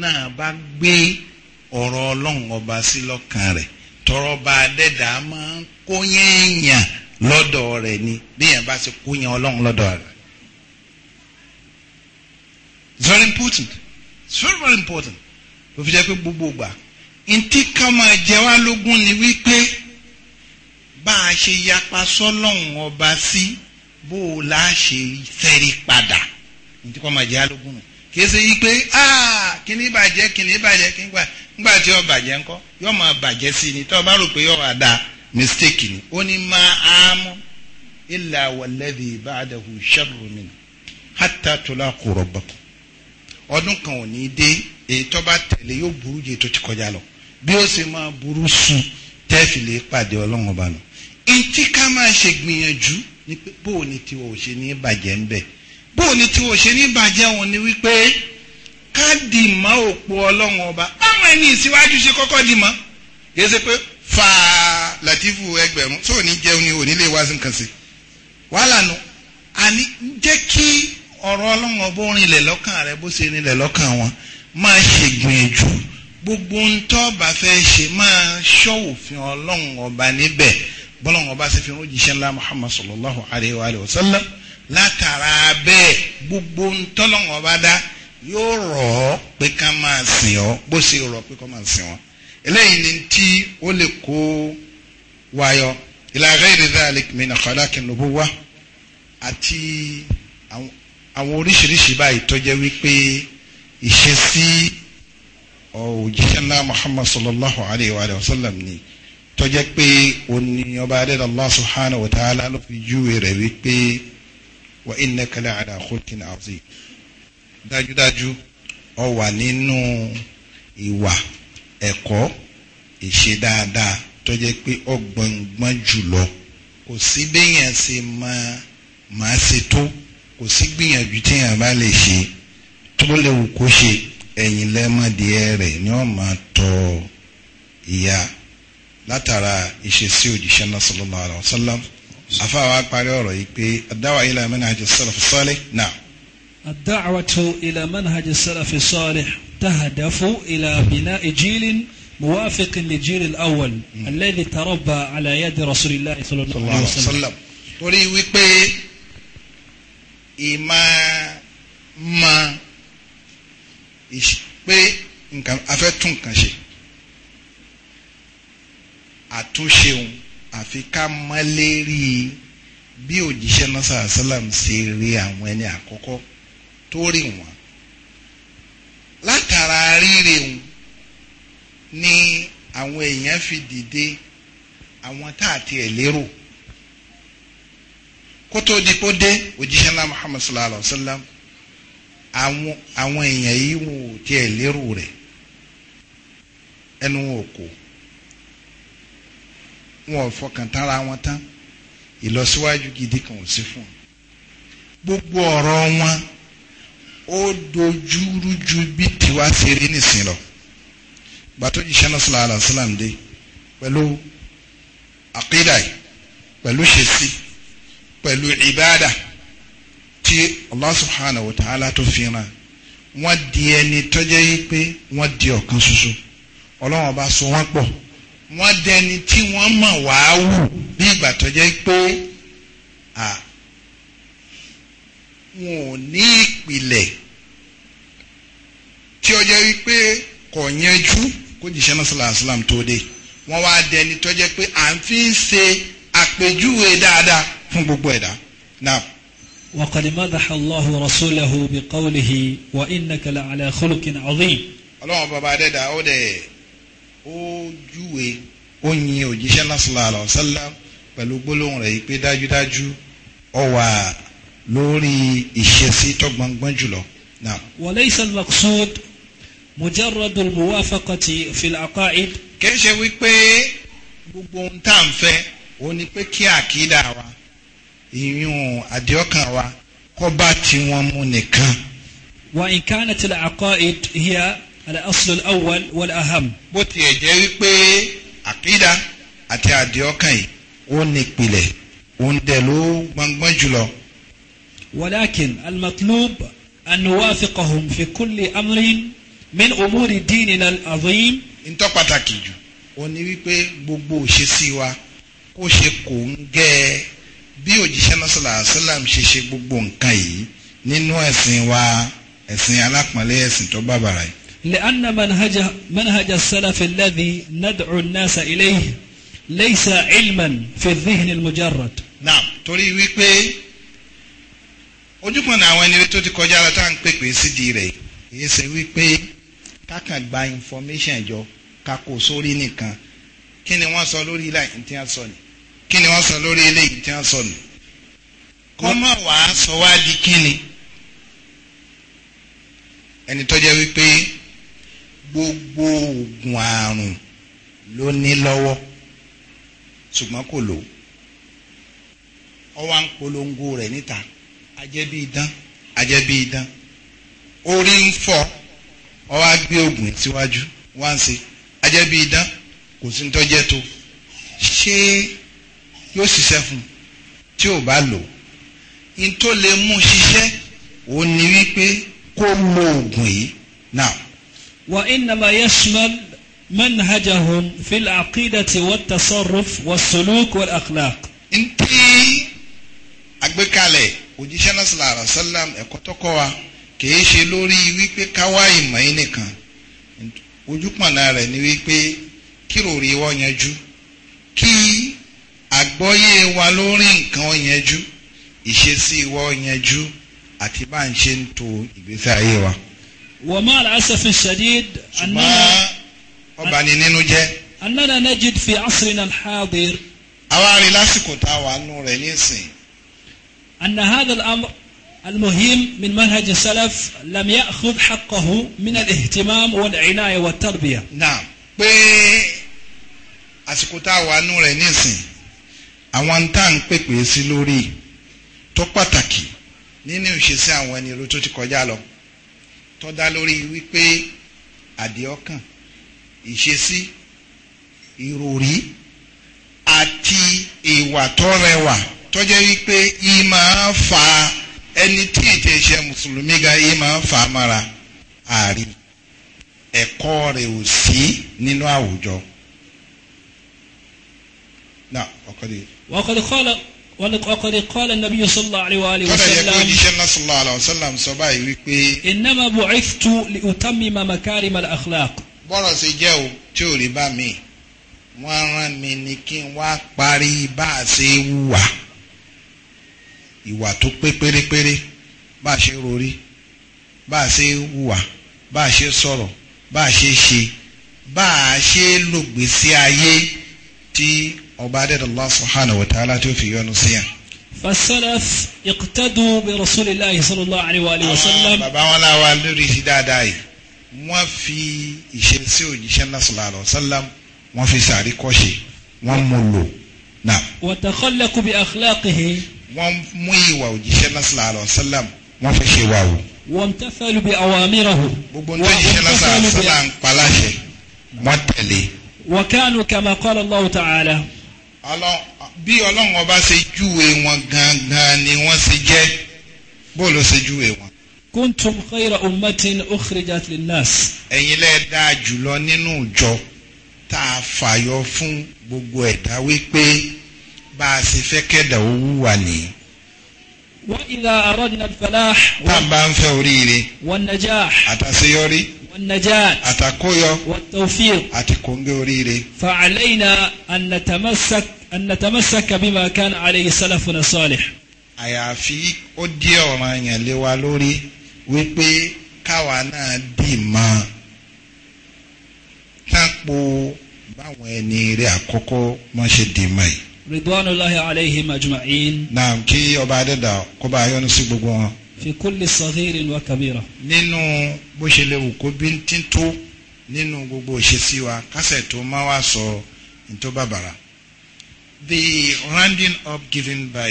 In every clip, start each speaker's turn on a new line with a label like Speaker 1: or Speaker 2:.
Speaker 1: náà bá gbé ọ̀rọ̀ ọlọ́run ọba sí lọ́kàn rẹ̀ tọrọ bá dẹ́dà máa ń kóyẹ̀yàn lọ́dọ̀ rẹ̀ ni bíyàn bá ti kóyàn ọlọ́run lọ́dọ̀ rẹ̀. it's very important it's very very important ló fi jẹ́ pé gbogbo gbà ntí ká máa jẹ wá lógún ni wípé bá a ṣe yapa sọ́lọ́run ọba sí bó o láṣẹ sẹ́rí padà ntí ká máa jẹ wá lógún nù kìí ṣe yí pé ah, kìíní bàjẹ́ kìíní bàjẹ́ kìíní gbà nígbà tí ó bàjẹ́ ńkọ́ yóò máa bàjẹ́ sí ni tó o bá rò pé yóò wà dáa mistake ni ó ní máa á mọ́ illa walladhi ba'dahu sharrun min hatta tulaqu rabbakum ọdún kan ò ní dé èyí tó bá tẹ̀lé yóò burú jẹ́ tó ti kọjá lọ bí ó ṣe máa burú sùn tẹ́ẹ̀fì lè pàdé ọlọ́run ọba nù ntí ká máa ṣe ni pé bóò ni tiwọ̀ ò ṣe bó ni tí o ṣe ní bàjẹ́ òun ni wípé ká dìmọ́ òpó ọlọ́run ọba báwọn ẹni ìsíwájú ṣe kọ́kọ́ dìmọ́ yẹ ṣe pé fa latifu ẹgbẹ̀rún tó ní jẹun ni òní lè wá sí nǹkan sí wàhálà nu àní jẹ́ kí ọ̀rọ̀ ọlọ́run ọba rinlẹ̀ lọ́kàn rẹ bó ṣe rinlẹ̀ lọ́kàn wọn máa ṣègbìyànjú gbogbo ń tọ́ bá fẹ́ ṣe máa ṣọ́ òfin ọlọ́run ọba níbẹ̀ bọ́lọ́run ọba ṣe fi rún jíṣẹ́ ńlá Muhammad sallallahu alayhi wa sallam látara bẹ́ẹ̀ gbogbo ntọ́lọ́wọ́n bá dá yóò rọ̀ ọ́ pé ká máa sìn ọ́ bó ṣe rọ̀ pé ká máa sìn ọ́ eléyìí ni tí ó lè kó wáyọ ila ghairi dhalik min akhlaqin nubuwa àti àwọn oríṣiríṣi báyìí tó wípé ìṣesí òjíṣẹ́ ńlá muhammad sallallahu alayhi wa sallam ni tó jẹ́ pé òní ọba subhanahu wa ta'ala ló fi júwe rẹ̀ wípé wa innaka la'ala khulqin azim dájúdájú ọ wà nínú ìwà ẹ̀kọ́ ìṣe dáadáa tó jẹ́ pé ọgbọ̀ngbọ́n jùlọ kò sí béèyàn ṣe máa máa ṣe tó kò sí gbìyànjú téèyàn bá lè ṣe tó lè wù kó ṣe ẹ̀yìn lẹ́mọ̀dìẹ rẹ̀ ni wọ́n máa tọ ìyá látara ìṣesí òjíṣẹ́ náà sallallahu alaihi wasallam afa wa parí ọ̀rọ̀ yìí pé adáwà ila
Speaker 2: manhaj as-salaf as-salih náà. ad-da'watu ila manhaj as-salaf as-salih tahdafu ila bina'i jilin muwafiqin li jil al-awwal hmm. alladhi tarabba ala yadi rasulillah sallam. torí wípé ìmọ̀ ma
Speaker 1: pé nǹkan afẹ́ tún nǹkan ṣe àtúnṣe òun àfi ká mọ́lérí bí òjíṣẹ́ náà sàlám ṣe rí àwọn ẹni àkọ́kọ́ tó rí wọn látara rírì wọn ni àwọn èèyàn fi dìde àwọn tá àti ẹ̀ lérò kótó dipó dé òjíṣẹ́ náà Muhammad sallallahu alayhi wa sallam àwọn àwọn èèyàn yìí wọn ò tiẹ̀ lérò rẹ̀ ẹnu wọn kò wọn ò fọkàn tánra wọn tán ìlọsíwájú gidi kan ò sí fún wọn gbogbo ọ̀rọ̀ wọn ó dojúrú ju bí tiwa ṣe rí nìsín lọ gbàtó jíṣẹ́ náà sallallahu alaihi wasallam dé pẹ̀lú àkídà pẹ̀lú ṣèṣì pẹ̀lú ìbáàdà tí Allah subhanahu wa ta'ala tó fi ràn wọ́n di ẹni tọ́jẹ́ yìí pé wọ́n di ọ̀kan ṣoṣo ọlọ́run ọba so wọ́n pọ̀ wọ́n dẹni tí wọ́n mọ̀ wàá wù bí ìgbà tó jẹ́ pé wọn ò ní ìpìlẹ̀ tí ó jẹ́ wípé kò yanjú kó jìṣẹ́ náà sọ̀rọ̀ àṣìlám tó dé wọ́n wá dẹni tó jẹ́ pé à ń fi ń ṣe àpèjúwe
Speaker 2: dáadáa fún gbogbo ẹ̀dá وقد مدح الله رسوله بقوله وإنك لعلى خلق عظيم.
Speaker 1: ọlọ́run bàbá dẹ́dà ó
Speaker 2: ó júwe ó yin
Speaker 1: òjíṣẹ́ náà sallallahu pẹ̀lú gbólóhùn rẹ̀ pé dájúdájú ó wà lórí ìṣesí tó jùlọ.
Speaker 2: wa laysa al-maqsud mujarrad al-muwafaqati fi al-aqaid. ṣe wípé
Speaker 1: gbogbo ohun tá à ń fẹ́ ó ní pé kí àkídà wa ìyún àdéhọ́kàn wa kọ́ bá tiwọn mu nìkan.
Speaker 2: wa in kanat al-aqaid hiya al-aslu al-awwal wal-aham. bó tiẹ̀ jẹ́ wípé àkídà àti àdìọ́kàn yìí ó ní ìpìlẹ̀ ó ń dẹ̀ ló gbọ́ngbọ́n jùlọ. walakin al-matlub an nuwafiqahum fi kulli amrin min umuri dinina al-azim. ntọ́ pàtàkì jù ó ní wípé gbogbo
Speaker 1: òṣèṣì wa kó ṣe kò ń gẹ́ bí òjíṣẹ́ náà sọ̀rọ̀ àṣàlám ṣe ṣe gbogbo nǹkan yìí nínú ẹ̀sìn wa ẹ̀sìn alápọ̀nlé ẹ̀sìn tó bàbàrà yìí.
Speaker 2: لأن منهج منهج السلف الذي ندعو الناس إليه ليس علما في الذهن المجرد نعم torí wípé
Speaker 1: ojúmọ̀nà àwọn ẹni tó ti kọjá lọ tá à ń pèpè sídìí rẹ̀ èyí ṣe wípé kákan gba information jọ ká kó sórí nìkan kí ni wọ́n sọ lórí ilé tí wọ́n sọ ni kí ni wọ́n sọ lórí ilé tí wọ́n sọ ni kọ́mọ̀ wàá sọ wá di kí ni ẹni tó jẹ́ wípé gbogbo oògùn àrùn ló ní lọ́wọ́ ṣùgbọ́n kò lò ó wá ń polongo rẹ̀ níta ajẹ́ bí idán ajẹ́ bí idán orí ń fọ́ ọ wá gbé oògùn síwájú wá ń ṣe ajẹ́ bí idán kò sí ń tọ́jẹ́ tó ṣé yóò ṣiṣẹ́ fún un tí ò bá lò n tó
Speaker 2: lè mú ṣiṣẹ́ òun ni wípé kó lo oògùn yìí now وإنما يشمل منهجهم في العقيدة والتصرف والسلوك والأخلاق ntí agbékalẹ̀
Speaker 1: òjíṣẹ́ náà sallallahu alaihi wasallam ẹ̀kọ́ tó kọ́ wa kìí ṣe lórí wípé káwá ìmọ̀ yín nìkan ojúpọ̀nà rẹ̀ ni wípé kí ròrí wọ́n yanjú kí àgbọ́yé wa lórí nǹkan yanjú ìṣesí wọ́n yanjú àti bá ń ṣe ń to ìgbésí ayé wa.
Speaker 2: ومع الأسف الشديد أننا ọbàní nínú jẹ́. أننا نجد في عصرنا الحاضر. àwa rí lásìkò tá a wà nù rẹ̀ nísìn. أن هذا الأمر المهم من منهج السلف لم يأخذ حقه من الاهتمام والعناية والتربية. نعم pé àsìkò tá a wà
Speaker 1: nù rẹ̀ nísìn àwọn tá à ń pèpè sí lórí tó pàtàkì nínú ìṣesí àwọn ẹni ro tó ti kọjá lọ tó dá lórí wípé àdéọ́kàn ìṣesí ìròrí àti ìwà tó rẹwà tó jẹ́ wípé yìí máa fa ẹni tí ètò ìṣe mùsùlùmí ga yìí máa fa mara àrí ẹ̀kọ́ rẹ̀ ò sí nínú àwùjọ. Now, ọkọ de
Speaker 2: wọ́n kọ́lẹ̀ nàbí sọ́lá àríwá àríwá sọ́lá. wọ́n yẹ
Speaker 1: kó sọ́lá àlọ́ sọ́lá sọ báyìí wípé.
Speaker 2: ìnáma bu ẹ̀ftu ìtàmì mamakari
Speaker 1: mal akhlaq. bọ́rọ̀ ṣe jẹ́ o tí ò rí bá mi wọ́n rán mi ní kí n wá parí bá a ṣe wùwà ìwà tó pé pérépéré bá a ṣe rorí bá a ṣe wùwà bá a ṣe sọ̀rọ̀ bá a ṣe ṣe bá a ṣe lògbèsí ayé tí ọba adẹ́dàá Allah subhanahu wa ta'ala tí ó fi yọ́nú sí yàn.
Speaker 2: fasalaf iqtadu bi rasulillahi sallallahu alayhi wa alihi wa sallam. bàbá wọn la wa lórí ti dáadáa yìí wọ́n
Speaker 1: fi ìṣesí òjíṣẹ́ náà sallallahu alayhi wa sallam wọ́n fi sàrí kọ́ṣe wọ́n mú lò náà. wa takhallaqu bi akhlaqihi. wọ́n mú ìwà òjíṣẹ́ náà sallallahu alayhi wa sallam wọ́n fi ṣe wà o.
Speaker 2: wamtathalu bi awamirahu. gbogbo ntọ́ òjíṣẹ́ náà sallallahu sallam ń paláṣẹ tẹ̀lé. wa kanu kama qala Allahu ta'ala
Speaker 1: bí ọlọ́run ọba ṣe júwe wọn gangan ni wọ́n ṣe jẹ́ bó ló ṣe júwe wọn. kuntum khayra ummatin ukhrijat linnas. ẹ̀yin lẹ́ẹ̀ dáa jùlọ nínú ìjọ tá a fàyọ fún gbogbo ẹ̀dá wípé bá a ṣe fẹ́ kẹ́dà ó wúwa nìyí.
Speaker 2: wa idha aradna al-falah.
Speaker 1: tá a bá ń fẹ́ oríire.
Speaker 2: wan-najah.
Speaker 1: àtàṣeyọrí.
Speaker 2: wan-najat.
Speaker 1: àtàkóyọ. wat-tawfiq. àti kòńgẹ́
Speaker 2: أن نتمسك بما كان عليه سلفنا الصالح àyàfi ó
Speaker 1: díẹ̀ ọ̀ràn yẹn lé wa lórí wípé káwa náà dì
Speaker 2: mọ́ tápò
Speaker 1: báwọn ẹni rẹ̀ àkọ́kọ́ wọ́n ṣe dì mọ́ yìí.
Speaker 2: ridwanullahi alayhim ajma'in. naam kí ọba adẹ́dà kó bá yọ́nú sí gbogbo wọn. fi kulli saghirin wa kabira. nínú bó ṣe lè wù kó bíntín
Speaker 1: tó nínú gbogbo òṣèṣì wa kásẹ̀ tó máa wá sọ ní tó bàbàrà. the rounding up given by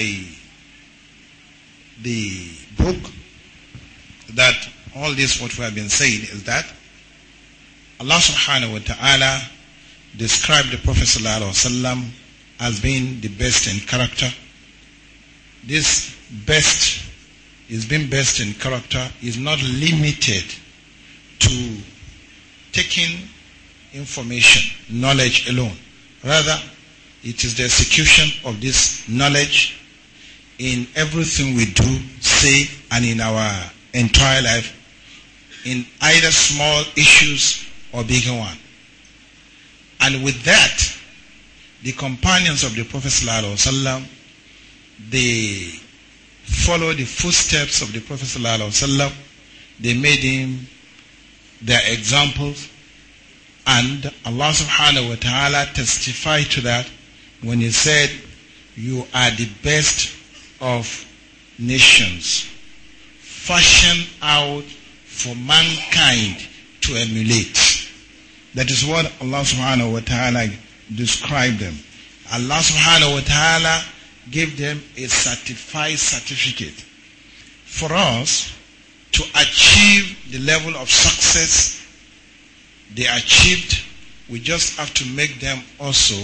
Speaker 1: the book that all this what we have been saying is that Allah subhanahu wa ta'ala described the Prophet sallallahu alaihi wasallam as being the best in character. This best is being best in character is not limited to taking information, knowledge alone. Rather, it is the execution of this knowledge in everything we do, say, and in our entire life, in either small issues or bigger ones. And with that, the companions of the Prophet ﷺ, they follow the footsteps of the Prophet ﷺ. They made him their examples. And Allah subhanahu wa ta'ala testified to that when he said, You are the best of nations, fashioned out for mankind to emulate. That is what Allah subhanahu wa ta'ala described them. Allah subhanahu wa ta'ala gave them a certified certificate. For us to achieve the level of success they achieved, we just have to make them also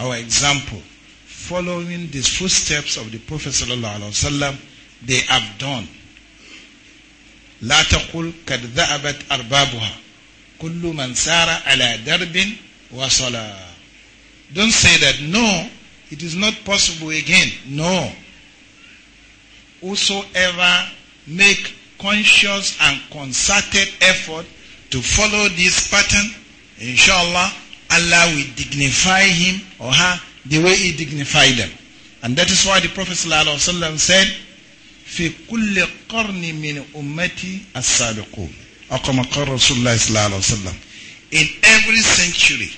Speaker 1: our example, following the footsteps of the Prophet sallallahu they have done. لا تقول قد ذأبت أربابها كل من سار على درب وصلى Don't say that no, it is not possible again. No. Whosoever make conscious and concerted effort to follow this pattern, inshallah, Allah will dignify him or her the way he dignified them. And that is why the Prophet ﷺ said, في كل قرن من أمتي السابقون أو كما قال رسول الله صلى الله عليه وسلم In every century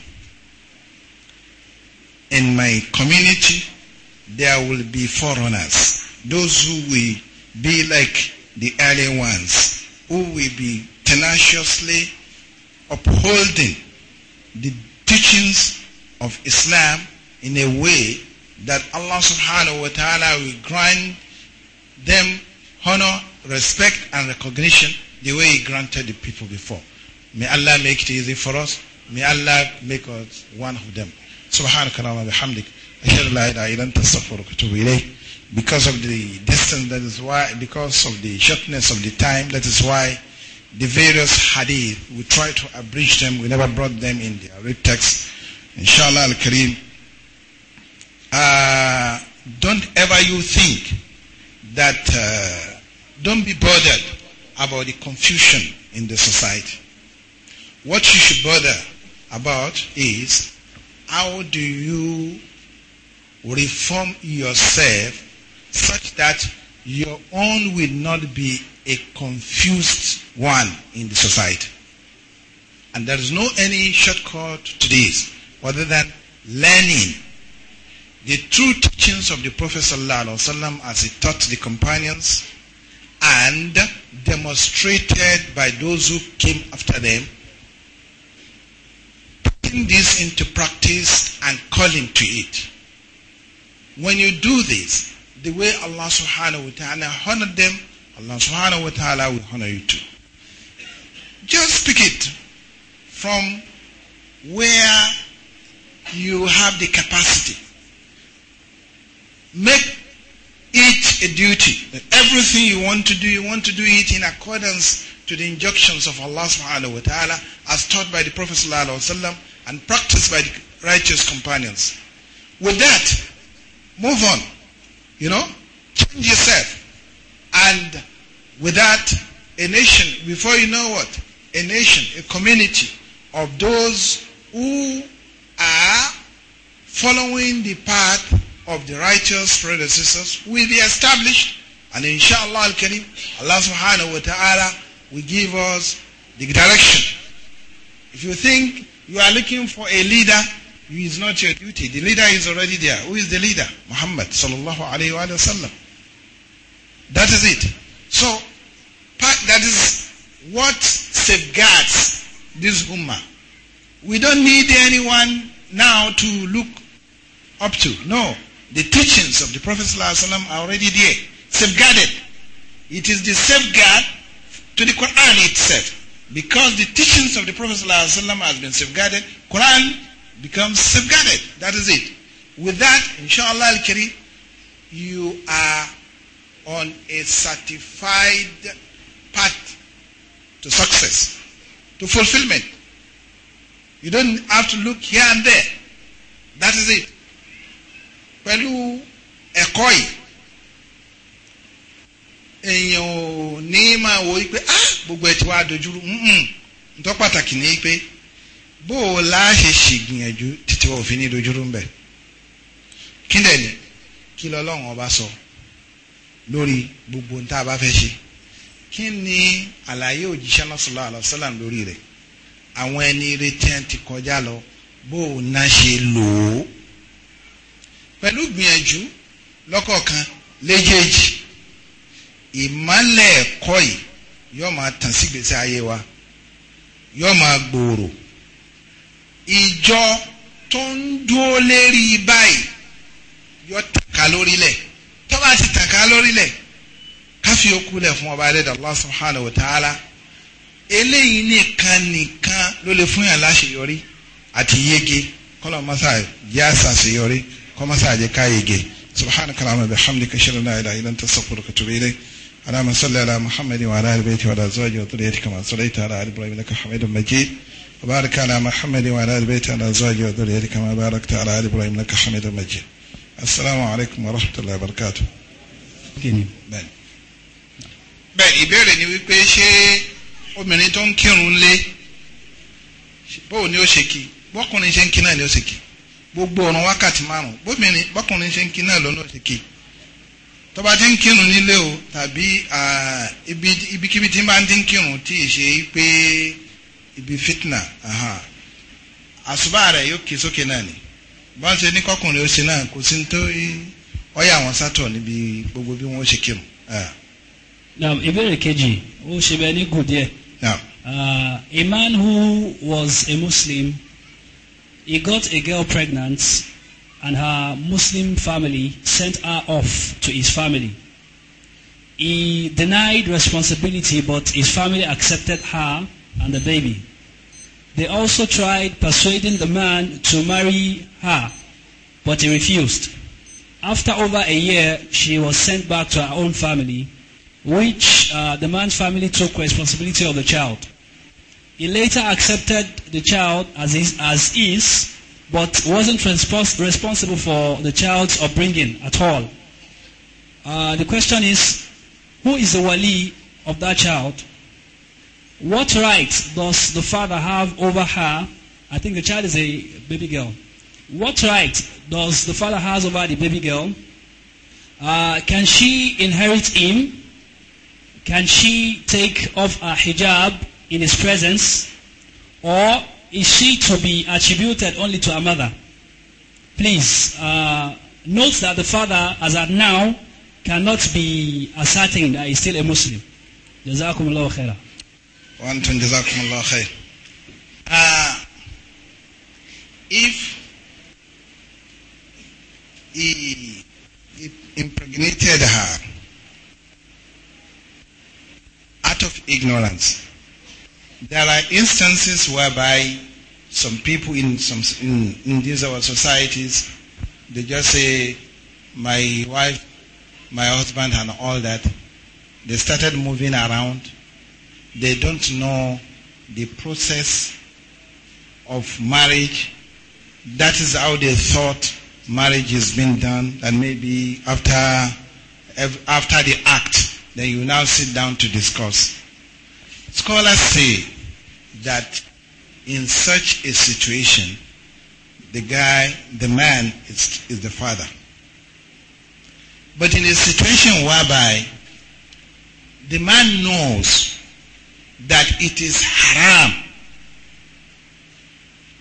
Speaker 1: in my community there will be foreigners those who will be like the early ones who will be tenaciously upholding the teachings of Islam in a way that Allah subhanahu wa ta'ala will grant them honor, respect and recognition the way He granted the people before. May Allah make it easy for us. May Allah make us one of them. سبحانك اللهم وبحمدك because of the distance that is why because of the shortness of the time that is why the various hadith. We tried to abridge them. We never brought them in the Arabic text. Inshallah al-Kareem. Uh, don't ever you think that, uh, don't be bothered about the confusion in the society. What you should bother about is how do you reform yourself such that your own will not be a confused one in the society. And there is no any shortcut to this other than learning the true teachings of the Prophet as he taught the companions and demonstrated by those who came after them, putting this into practice and calling to it. When you do this, the way Allah subhanahu wa ta'ala honored them Allah subhanahu wa ta'ala will honor you too. Just pick it from where you have the capacity. Make it a duty that everything you want to do, you want to do it in accordance to the injunctions of Allah subhanahu wa ta'ala as taught by the Prophet sallallahu alaihi wasallam and practiced by the righteous companions. With that, move on. You know, change yourself. And with that, a nation, before you know what, a nation, a community of those who are following the path of the righteous predecessors will be established. And inshallah al-Karim, Allah subhanahu wa ta'ala will give us the direction. If you think you are looking for a leader, it is not your duty. The leader is already there. Who is the leader? Muhammad sallallahu alayhi wa sallam. That is it. So, that is what safeguards this ummah. We don't need anyone now to look up to. No. The teachings of the Prophet ﷺ are already there, safeguarded. It is the safeguard to the Quran itself. Because the teachings of the Prophet ﷺ has been safeguarded, Quran becomes safeguarded. That is it. With that, inshallah al-Karim, you are on a certified path to success, to fulfillment. You don't have to look here and there. That is it. Pẹ̀lú ẹ̀kọ́ yìí, èèyàn ò ní máa wo wípé ah gbogbo ẹ̀ ti wá dojúrú ntọ́ pàtàkì ní pé bó o láṣẹ ṣègbìyànjú títí wọ́n ò fi ní dojúrú ń bẹ̀. Kí ni kí lọ́lọ́run ọba sọ. So lórí gbogbo ní tá a bá fẹ́ ṣe kí ni àlàyé òjíṣẹ́ náà sallallahu alaihi wasallam lórí rẹ̀ àwọn ẹni retí ti kọjá lọ bó o ná ṣe lò ó pẹ̀lú gbìyànjú lọ́kọ̀ọ̀kan léjèèjì ìmọ̀lẹ̀ ẹ̀kọ́ yìí yóò máa tàn sí gbèsè ayé wa yóò máa gbòòrò ìjọ tó ń dúó lérí báyìí yóò tàka lórílẹ̀ bá ti tàn ká lórílẹ̀ ká fi okú lẹ̀ fún ọba adẹ́dàá Allah subhanahu wa ta'ala eléyìí nìkan nìkan ló lè fún yàn láṣeyọrí àti yege kọ́lọ̀ mọ́sá yá sàṣeyọrí kọ́ mọ́sá jẹ́ ká yege subhanaka allahumma bihamdika ashhadu la ilaha illa anta astaghfiruka wa atubu ilayk اللهم صل على محمد وعلى ال بيته وعلى ازواجه وذريته كما صليت على ال ابراهيم انك حميد مجيد وبارك على محمد وعلى ال بيته وعلى ازواجه وذريته كما باركت على ال ابراهيم انك حميد مجيد asalaamualeykum wa rahmatulahi wa barakatu. bẹ́ẹ̀ ìbéèrè ni wípé ṣé obìnrin tó ń kírun lé bóun ni ó ṣe kí bọ́kùnrin ṣe ń kí náà ni ó ṣe kí gbogbo ọ̀run wákàtí márùn bóbìnrin bọ́kùnrin ṣe ń kí náà lọ́nà ṣe kí tó ti ń kírun nílé o tàbí ibikíbi tí bá ń ti ń kírun tí ì ṣe pé ibi fitna àsùbá rẹ̀ yóò ké sókè náà ni bá ń ṣe ní kọkùnrin ó ṣe náà kò sí tó ọyà àwọn sátọ̀ níbi gbogbo bí wọ́n ṣe kírun.
Speaker 2: now ìbéèrè kejì ó ṣe bẹ́ẹ̀ ní gùn díẹ̀. Uh, a man who was a Muslim, he got a girl pregnant, and her Muslim family sent her off to his family. He denied responsibility, but his family accepted her and the baby. They also tried persuading the man to marry her, but he refused. After over a year, she was sent back to her own family, which uh, the man's family took responsibility of the child. He later accepted the child as is, as is but wasn't respons- responsible for the child's upbringing at all. Uh, the question is, who is the wali of that child what right does the father have over her? I think the child is a baby girl. What right does the father has over the baby girl? Uh, can she inherit him? Can she take off her hijab in his presence? Or is she to be attributed only to her mother? Please, uh, note that the father, as at now, cannot be ascertained that he is still a Muslim. khairah.
Speaker 1: وأنتم جزاكم
Speaker 2: الله خير uh, if
Speaker 1: he, he impregnated her out of ignorance there are instances whereby some people in some in, in these our societies they just say my wife my husband and all that they started moving around they don't know the process of marriage. That is how they thought marriage is being done. And maybe after, after the act, then you now sit down to discuss. Scholars say that in such a situation, the guy, the man is, is the father. But in a situation whereby the man knows that it is haram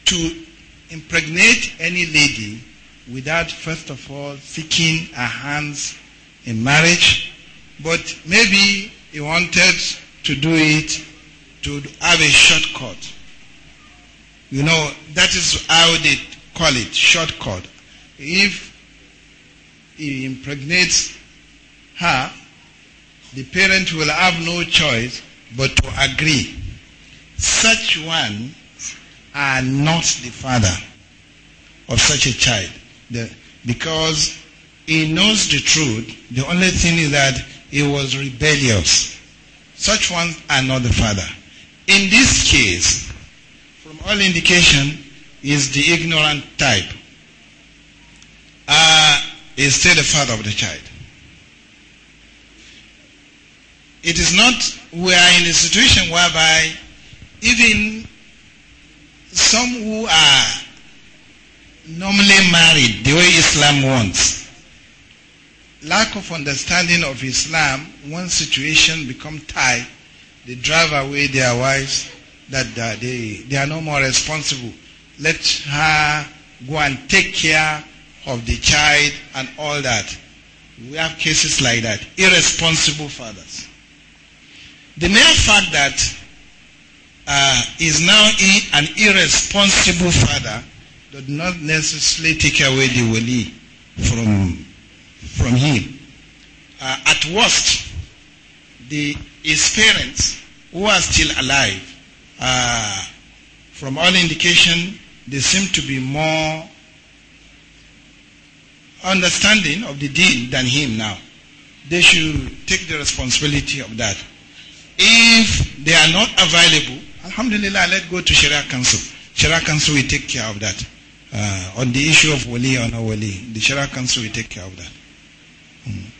Speaker 1: to impregnate any lady without first of all seeking her hands in marriage, but maybe he wanted to do it to have a shortcut. You know, that is how they call it, shortcut. If he impregnates her, the parent will have no choice but to agree. Such ones are not the father of such a child. The, because he knows the truth. The only thing is that he was rebellious. Such ones are not the father. In this case, from all indication, is the ignorant type. Uh, is still the father of the child. It is not we are in a situation whereby even some who are normally married the way Islam wants. Lack of understanding of Islam, one situation become tied, they drive away their wives that uh, they, they are no more responsible. Let her go and take care of the child and all that. We have cases like that. Irresponsible fathers. The mere fact that uh, is now an irresponsible father does not necessarily take away the wali from, from him. Uh, at worst, the, his parents, who are still alive, uh, from all indication, they seem to be more understanding of the deed than him now. They should take the responsibility of that. If they are not available, Alhamdulillah, let go to Sharia Council. Sharia Council will take care of that. Uh, on the issue of wali or no wali, the Sharia Council will take care of that.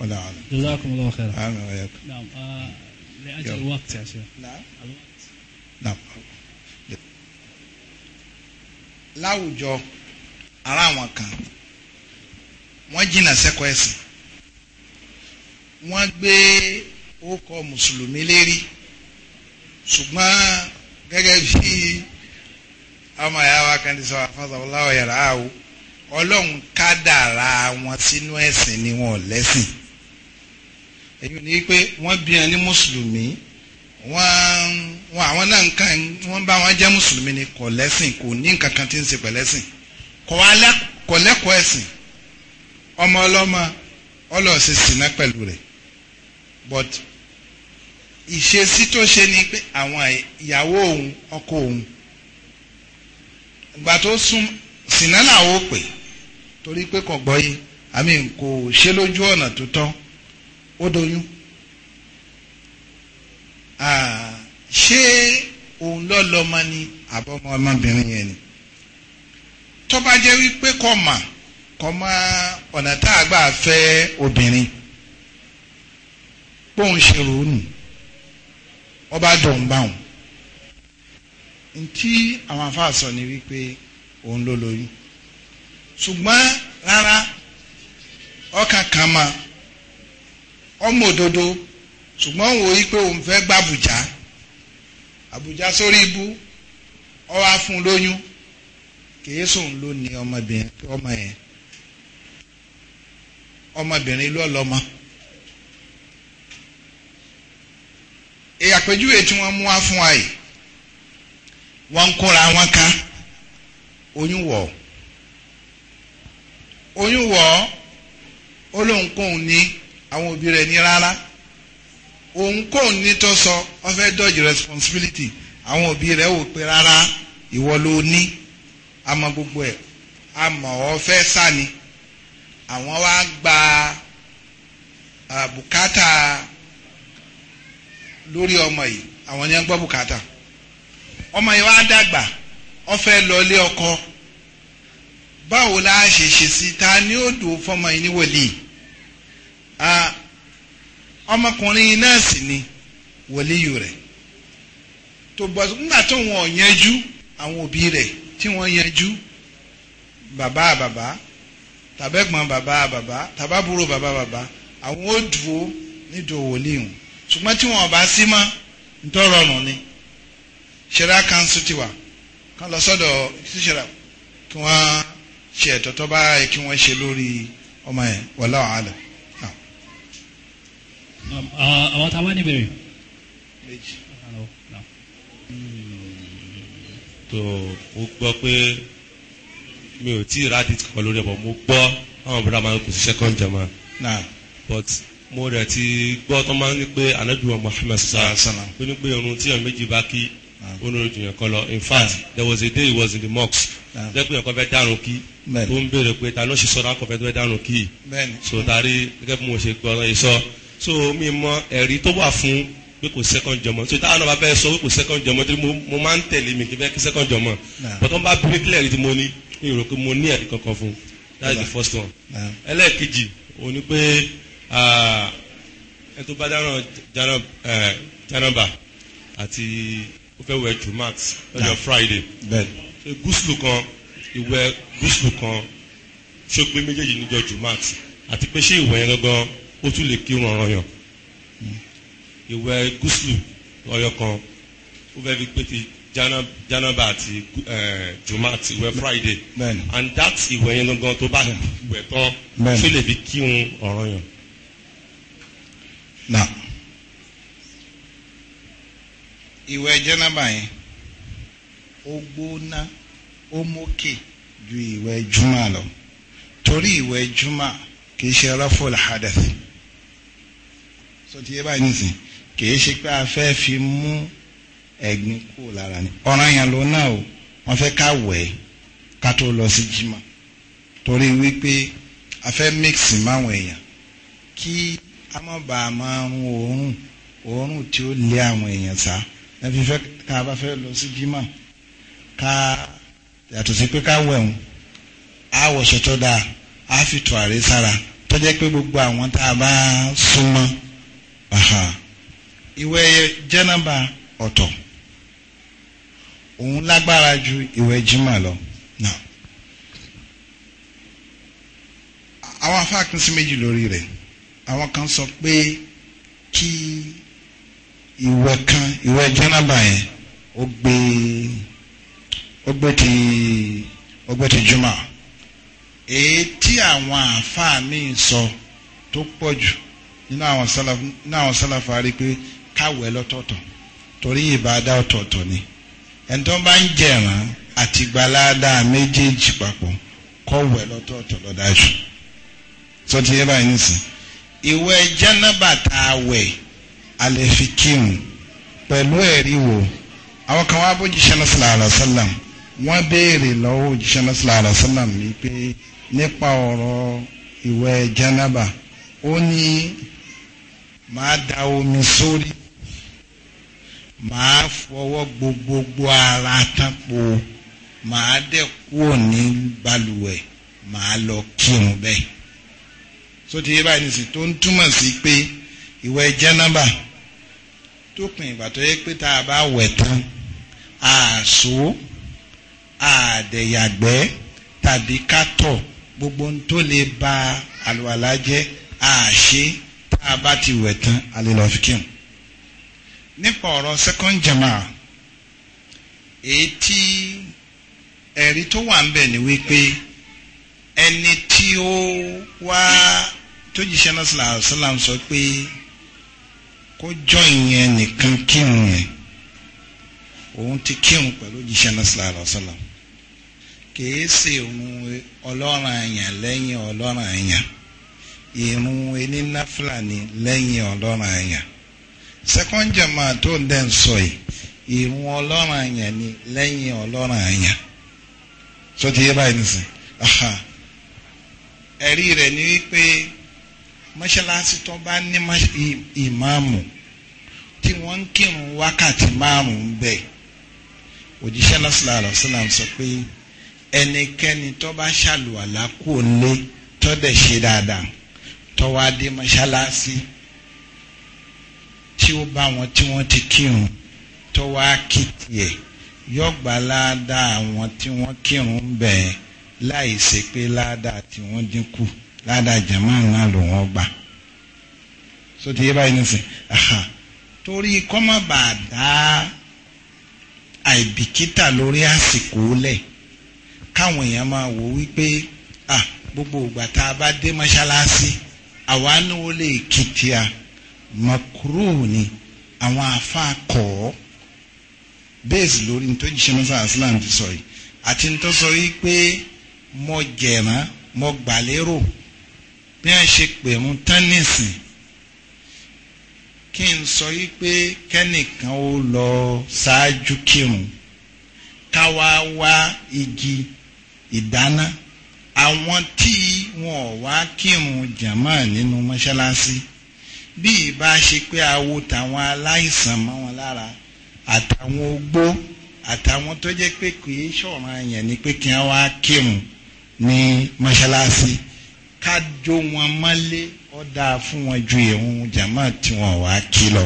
Speaker 1: ولا أعلم. جزاكم الله خيرا. نعم وياك.
Speaker 2: نعم لأجل الوقت يا شيخ. نعم.
Speaker 1: نعم. láwùjọ ara àwọn kan wọ́n jìnnà sẹ́kọ̀ọ́ ẹ̀sìn wọ́n gbé ó kọ mùsùlùmí lérí ṣùgbọ́n gẹ́gẹ́ bí ọmọ ìyá wa kan ti sọ àfọ̀sọ̀láwọ̀ yàrá àwò ọlọ́run kádàrá wọn sínú ẹ̀sìn ni wọn ò lẹ́sìn èyí ni pé wọ́n bí wọn ní mùsùlùmí wọ́n àwọn náà nǹkan wọ́n bá wọn jẹ́ mùsùlùmí ni kò lẹ́sìn kò ní nǹkan kan tí ń ṣe pẹ̀lẹ́sìn kò lẹ́kọ̀ọ́ ẹ̀sìn ọmọ ọlọ́mọ ọlọ́ọ̀ṣẹ̀ sìnà pẹ̀lú rẹ̀ but ìṣesí tó ṣe ni pé àwọn ìyàwó òun ọkọ òun ìgbà tó sún sinana ó pè torí pé kò gbọ́ yìí àmì kò ṣe lójú ọ̀nà tó tọ́ ó doyún ṣé òun lọ́lọ́mọ ni àbọ̀mọ ọmọbìnrin yẹn ni tó bá jẹ́ wípé kò mà kò mọ ọ̀nà tá a gbà fẹ́ obìnrin bóun ṣe rò ó nù ọba dùn báwọn ntí àwọn afáàsọ ni wípé òun ló lóyún ṣùgbọ́n rárá ọkàn kan ma ọmọ òdodo ṣùgbọ́n òun wòye pé òun fẹ́ gba àbújá àbújá sórí ibú ó wá fún lóyún kìí sóun ló ní ọmọbìnrin ọmọ yẹn ọmọbìnrin ló lọ́mọ. àpèjúwe tí wọ́n mú wá fún wa yìí wọ́n ń kóra wọn ká oyún wọ̀ oyún wọ̀ olóhunkóhun ní àwọn òbí rẹ̀ ní rárá òhunkóhun ní tó sọ ó dodge responsibility àwọn òbí rẹ̀ wò pé rárá ìwọ ló ní àmọ́ gbogbo ẹ̀ àmọ́ ọ fẹ́ àwọn wá gba bùkátà. Uh, lórí ọmọ yìí àwọn ni wọ́n gbọ́ bùkátà ọmọ yìí wá dàgbà wọ́n fẹ́ lọlé ọkọ báwo la ṣe ṣe sí ta ni ó dùn fọmọ yìí ní wòlíì ọmọkùnrin náà sì ni wòlíì rẹ̀ tó bọ́ nígbà tó wọn ò yanjú àwọn òbí rẹ̀ tí wọ́n yanjú bàbá bàbá tàbẹ́gbọ́n bàbá bàbá tàbábúrò bàbá bàbá àwọn ó dùn ó nídùú wòlíì hùn ṣùgbọ́n tí wọn bá sí mọ́ ntọ́rọrùn ni ṣẹlá kanṣu ti wà kán lọ sọ́dọ̀ ṣíṣẹlá kí wọ́n ṣe ẹ̀tọ́ tó bá yẹ kí wọ́n ṣe lórí ọmọ yẹn wọlé ọ̀hálẹ̀.
Speaker 2: àwọn tá a wá níbẹ̀rẹ̀.
Speaker 1: tó
Speaker 3: o gbọ́ pé mi ò tí ì rádìí kan lórí ọ̀pọ̀ mo gbọ́ àwọn ọ̀bùrọ̀ máa ń kù sí second jama. but mo rẹ̀ ti gbọ́ tó máa ń ní pé anabiwa muhammed sallam ó ní pé irun tí èèyàn méjì bá kí olórí ah. jùyàn kọ lọ in fact ah. there was a day he was in the mosque lẹ́gbẹ̀ẹ́ yẹn kọ́ fẹ́ dànù kí tó ń béèrè pé ta ló ṣe sọ́dọ̀ akọ̀fẹ́ tó fẹ́ dànù kí so tari gẹ́gẹ́ bí mo ṣe gbọ́ ọ̀rọ̀ yìí sọ so mi mọ ẹ̀rí tó wà fún pé kò second jọmọ so táwọn ọba bẹ́ẹ̀ sọ pé kò second jọmọ tí mo máa ń tẹ̀lé mi kí bẹ́ẹ̀ kí second jọmọ ah. but wọ́n bá bí kílẹ̀ rí tí mo ní mi rò pé mo ní ẹ̀rí kankan fún that is the first one ẹlẹ́ẹ̀kejì òní pé Ah, ẹ tó bá dáná eh, jánábà àti ó fẹ́ wẹ̀ jumat lọ́jọ́ friday gúúsùlù kan ìwẹ̀ gúúsùlù kan ṣó gbé méjèèjì níjọ́ jumat àti pé ṣé ìwẹ̀ yẹn gangan ó tún lè kírun ọ̀ràn yàn hmm. ìwẹ̀ gúúsùlù ọ̀yọ́ kan ó fẹ́ fi pé ti janaba àti eh, jumat ìwẹ̀ friday and that ìwẹ̀ yẹn gangan tó bá wẹ̀ tán ṣó lè fi kírun ọ̀ràn yàn nà
Speaker 1: ìwẹ̀ jẹ́nàbà yẹn ó gbóná ó mókè ju ìwẹ̀ jùmọ̀ lọ torí ìwẹ̀ jùmọ̀ kì í ṣe rafol hadath sọtí yẹ báyìí nìsín kì í ṣe pé a fẹ́ fi mú ẹ̀gbin kúrò lára ni ọ̀ràn yẹn ló náà o wọ́n fẹ́ ká wẹ̀ ẹ́ ká tó lọ sí jimá torí wípé a fẹ́ mix máwọn èèyàn kí ká má bàa máa ń òórùn òórùn tí ó lé àwọn èèyàn sá ẹbí fẹ́ ká bá fẹ́ lọ sí jimá ká yàtọ̀ sí pé ká wẹ̀hún á wọṣọ tó dáa á fi tùràrí sára tó jẹ́ pé gbogbo àwọn tá a bá súnmọ́ ìwẹ̀ jẹ́nàbà ọ̀tọ̀ òun lágbára ju ìwẹ̀ jimá lọ. àwọn afáàkín sí méjì lórí rẹ̀ àwọn kan sọ pé kí ìwẹ̀ kan ìwẹ̀ jẹ́nàbà yẹn ó gbé ó gbé ti ó gbé ti Juma, èyí tí àwọn àáfàá mi sọ tó pọ̀ jù nínú àwọn sálàfù nínú àwọn sálàfù àrí pé káwẹ̀ lọ́tọ̀ọ̀tọ̀ torí ìbádà ọ̀tọ̀ọ̀tọ̀ ni ẹni tó bá ń jẹ̀ràn àti gbalada méjèèjì papọ̀ kọ́wẹ̀ lọ́tọ̀ọ̀tọ̀ lọ́dájú sọ ti yẹ báyìí nísìnyí ìwẹ̀ jẹ́nàbà tá a wẹ̀ alẹ́ fi kírun pẹ̀lú ẹ̀rí wo àwọn kan wá bójúṣe náà sílẹ̀ àlọ́ sálàm wọ́n béèrè lọ́wọ́ òjíṣẹ́ náà sílẹ̀ àlọ́ sálàm pé nípa ọ̀rọ̀ ìwẹ̀ jẹ́nàbà ó ní màá da omi sórí màá fọwọ́ gbogbogbò ara tán po màá dẹ̀ kúrò ní balùwẹ̀ màá lọ kírun bẹ́ẹ̀ tó ti yé báyìí nìsín tó ń túmọ̀ sí pé ìwẹ̀ jánábà tó pin ìgbà tó yẹ pé tá a bá wẹ̀ tán àṣó àdẹ̀yàgbẹ́ tàbí kátọ̀ gbogbo ohun tó lè ba àlùwàlá jẹ́ àṣe tá a bá ti wẹ̀ tán a lè lọ fi kírun. nípa ọ̀rọ̀ second jama èyí tí ẹ̀rí tó wà ń bẹ̀ ni wípé ẹni tí ó wá tójíṣẹ́ náà sàlá sàlá sọ pé kó jọ ìyẹn nìkan kírun yẹn òun ti kírun pẹ̀lú jíṣẹ́ náà sàlá sàlá kìí ṣe òun ọlọ́run àyàn lẹ́yìn ọlọ́run àyàn ìrun eníná fúlàní lẹ́yìn ọlọ́run àyàn second tó ń dẹ́n sọ yìí ìrun ọlọ́run àyàn ni lẹ́yìn ọlọ́run àyàn sọ ti yé báyìí nísìnyí ẹ̀rí rẹ̀ ni wípé mọ́ṣáláṣí tó bá ní ìmáàmù tí wọ́n ń kírun wákàtí márùn-ún bẹ́ẹ̀ òjíṣẹ́ lọ́sọ̀lá àlọ́sọ̀lá sọ pé ẹnikẹ́ni tó bá ṣàlùwàlá kò lé tó dẹ̀ ṣe dáadáa tó wá dé mọ́ṣáláṣí tí ó bá wọn tí wọ́n ti kírun tó wá kí tiẹ̀ yọ gbà ládàá àwọn tí wọ́n kírun bẹ́ẹ̀ láì ṣe pé ládàá tí wọ́n dínkù ládàá jẹ̀mọ́ náà ló wọ́n gbà so ti yé báyìí nísìn torí kọ́mọ́ bá a dá àìbìkítà lórí àsìkò lẹ̀ káwọn èèyàn máa wò wípé gbogbo ìgbà tá a bá dé mọ́ṣáláṣí àwa ní ó lè kìtì à mọ̀kúrò ni àwọn àáfàá kọ̀ ọ́ bẹ́ẹ̀sì lórí ní tó jíṣẹ́ ní ti sọ yìí àti ní tó sọ yìí pé mo jẹ̀rán mo gbàlérò bí wọ́n ṣe pè ń tán nísìn kí n sọ yí pé kẹ́nìkan ó lọ ṣáájú kírun ká wá wá igi ìdáná àwọn tí wọn ò wá kírun jàmá nínú mọ́ṣáláṣí bí ìbá ṣe pé awo tàwọn aláìsàn mọ́ wọn lára àtàwọn ogbó àtàwọn tó jẹ́ pé kì í ṣọ̀ràn yẹn ni pé kí wọ́n wá kírun ní mọ́ṣáláṣí ká jó wọn mọ́lé ó dáa fún wọn ju ìhun jàmáà tí wọn wá kí lọ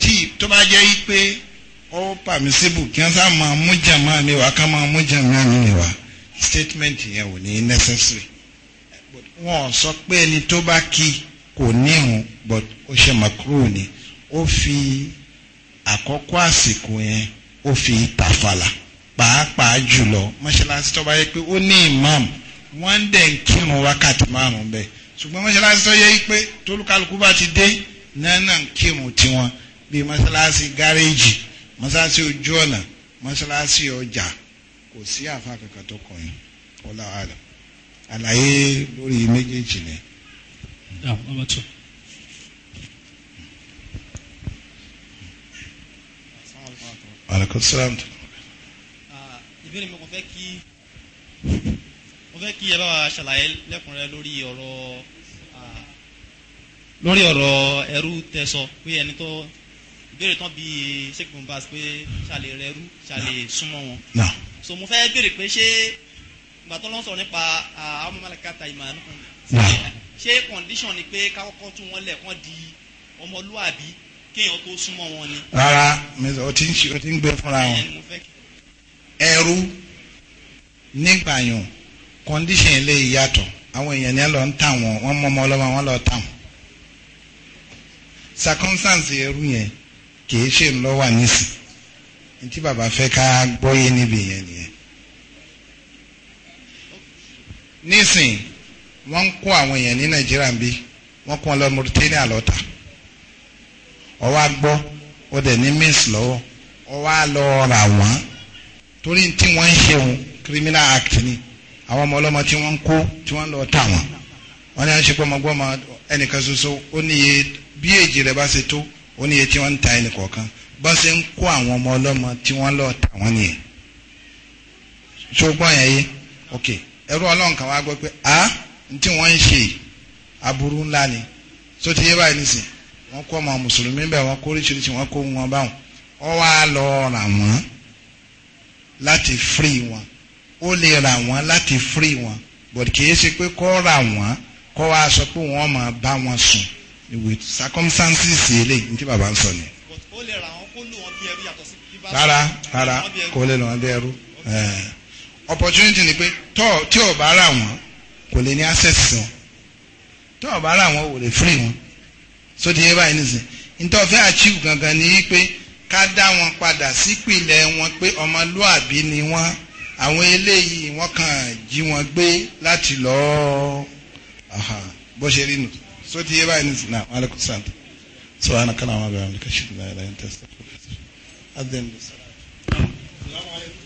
Speaker 1: tí tó bá jẹ́ pé ó pàmísíbù kí wọ́n sá máa mú jàmáà mi wá ká máa mú jàmáà mi wá statement yẹn ò ní necessary wọn sọ pé ẹni tó bá kí kò ní ìhun but ó ṣe makro ni ó fi àkọ́kọ́ àsìkò yẹn ó fi tàfàlà pàápàá jùlọ mọ́ṣáláṣí tó bá yẹ pé ó ní imam wọ́n dẹ̀ ń kírun wákàtí márùn-ún bẹ́ẹ̀ ṣùgbọ́n mọ́ṣáláṣí tó yẹ pé tólúkálukú bá ti dé nánà ń kírun tiwọn bíi mọ́ṣáláṣí gáréèjì mọ́ṣáláṣí ojú ọ̀nà mọ́ṣáláṣí ọjà kò sí àfa kankan tó kàn yín ọlá àlọ àlàyé lórí méjèèjì ni. Ah, ìbéèrè
Speaker 3: mi kò fẹ́ kí fẹ́ kí ẹ bá wa ṣàlàyé lẹ́kùnrẹ́rẹ́ lórí ọ̀rọ̀ lórí ọ̀rọ̀ ẹrú tẹ̀sọ pé ẹni tó ìbéèrè tán bíi sheikh mumbas pé ṣàlè rẹrú ṣàlè súnmọ́ wọn. so mo fẹ́ béèrè pé ṣé ìgbà tó lọ́n sọ̀rọ̀ nípa àwọn mọ̀lẹ́kàtà ìmọ̀ ṣé condition ni pé kákọ́kọ́ tún wọn lẹ̀ kán di
Speaker 1: ọmọlúwàbí kéèyàn tó súnmọ́ wọn ni. rárá o ti ń gbé fúnra wọn ẹrú nígbà yàn kọ́ndíṣìn le ìyàtọ̀ àwọn èèyàn ni lọ ń tà wọ́n wọ́n mọ ọmọ ọlọ́mọ wọn lọ tà wọ́n circumstance ẹrú yẹn kìí ṣe ń lọ wà nísì tí bàbá fẹ́ ká gbọ́yé níbi yẹn nìyẹn nísìn wọ́n ń kó àwọn èèyàn ní Nàìjíríà ń bí wọ́n kó wọn lọ Mauritania lọ́tà ọwọ́ agbọ́ ó ní mins lọ́wọ́ ọwọ́ á lọ wọ́n torí tí wọ́n ń ṣe wọn criminal act ni àwọn ọmọ ọlọ́mọ tí wọ́n ń kó tí wọ́n ń lọ tà wọ́n wọ́n ní à ń ṣe gbọ́mọgbọ́mọ ẹnìkan ṣoṣo ó níye bí èjì rẹ̀ bá ṣe tó ó níye tí wọ́n ń ta ẹnì kọ̀ọ̀kan bá ṣe ń kó àwọn ọmọ ọlọ́mọ tí wọ́n lọ tà wọ́n nìyẹn ṣùgbọ́n yẹn yé ok ẹrú ọlọ́run kan wá gbọ́ pé a tí wọ́n ń ṣe aburú ńlá ni tó ti yé báyìí nísìn wọ́n kó ọmọ mùsùlùmí bẹ́ẹ̀ wọ́n kó oríṣiríṣi wọ́n kó wọn báwọn ọ wá lọ rà wọ́n láti fírí wọn ó lè rà wọ́n láti free wọn but kì í ṣe pé kó rà wọ́n kó wá sọ pé wọ́n máa bá wọn sùn with circumstances eléyìí ní tí bàbá ń sọ ni. rárá rárá kó lè lù wọ́n bí ẹrú eh, opportunity ni pé tó tí ò bá rà wọ́n kò lè ní access wọn tó ò bá rà wọ́n ò lè free wọn so di yé báyìí nìsín nítorí fẹ́ achieve gangan ni pé ká dá wọn padà sípìlẹ̀ wọn pé ọmọlúàbí ni wọ́n àwọn eléyìí wọ́n kàn jí wọn gbé láti lọ bó ṣe rí nù so ti yé báyìí ní sinna àwọn alaikum salam so àwọn kan àwọn abẹ́rẹ́ àwọn kẹ́sìtì náà ẹ̀ ẹ̀ ń tẹ̀sí.